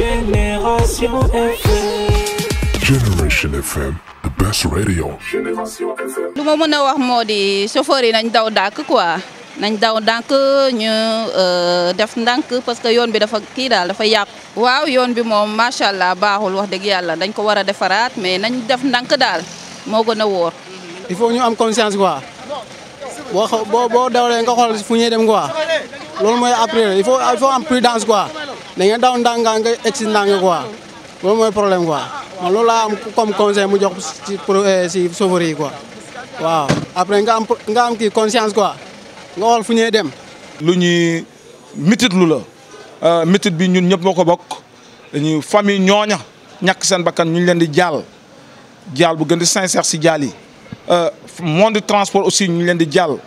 Génération lu ma mën a wax moo di chauffeur yi nañ daw dàkk quoi nañ daw dànk ñu euh, def ndànk parce que yoon bi dafa kii daal dafa yàqu. waaw yoon bi moom macha allah baaxul wax dëgg yàlla dañ ko war a defaraat mais nañ def ndànk daal moo gën a wóor. il faut ñu am conscience quoi. boo boo boo dawalee nga xool fu ñuy dem quoi. loolu mooy après il faut am prudence quoi. da ngeen daw ndàngaa nga egg si ndànk quoi loolu mooy problème quoi man loolu laa am comme conseil mu jox si pro eh, si chauffeur yi waaw après nga am nga am kii conscience quoi nga xool fu ñuy dem. lu ñuy mitit lu la euh, mitit bi ñun ñëpp moo ko bokk dañuy famille ñooña ñàkk seen bakkan ñu leen di jaal jaal bu gën di si jaal yi. Euh, monde du transport aussi ñu leen di jaal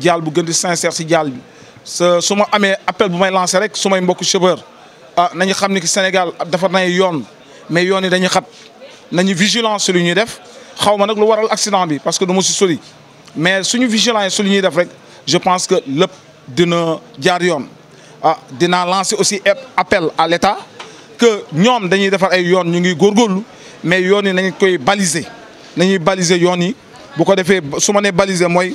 jaal bu gën di si jaal bi su ma amee appel bu may lancé rek su may mbokku chauffeur. ah nañu xam ni que Sénégal dafa nay yoon mais yoon yi dañuy xat nañu vigilance lu ñuy def xaw ma nag lu waral accident bi parce que du ma si sori mais suñu vigilance su lu def rek je pense que lépp dina jaar yoon. ah dinaa lancer aussi appel à l'État que ñoom dañuy defar ay yoon ñu ngi góorgóorlu mais yoon yi nañ koy baliser nañuy baliser yoon yi bu ko defee su ma baliser mooy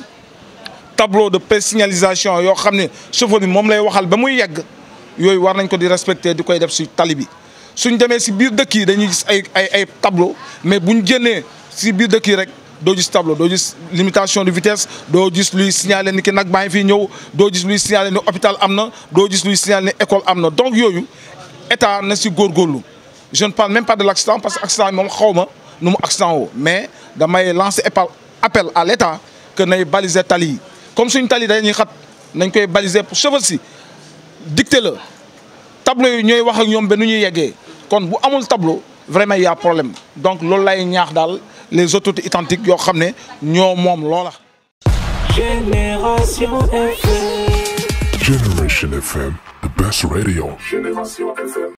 tableau de présignalisation yoo xam ne chauffeur bi moom lay waxal ba muy yegg yooyu war nañ ko di respecté di koy def ci tali bi suñ demee si biir dëkk yi dañuy gis ay ay ay tableau mais buñu génnee si biir dëkk yi rek do gis tableau do gis limitation de vitesse do gis luy signaler ni ki nag baa ngi fii ñëw doo gis luy signaler ni hôpital amna do gis luy signaler ni école amna donc yooyu état na gor gorlu je ne parle même pas de l'accident parce que accident mom xawma ma nu mu accident woo mais damay lancer appel à l'État que nay baliser tali comme suñu tali dañuy xat nañ koy baliser pour cheveux dicté Le tableau nous avons wax ak nous avons que tableau vraiment y a problème donc ce que ñaax les autres, identiques nous dit Génération FM. the radio.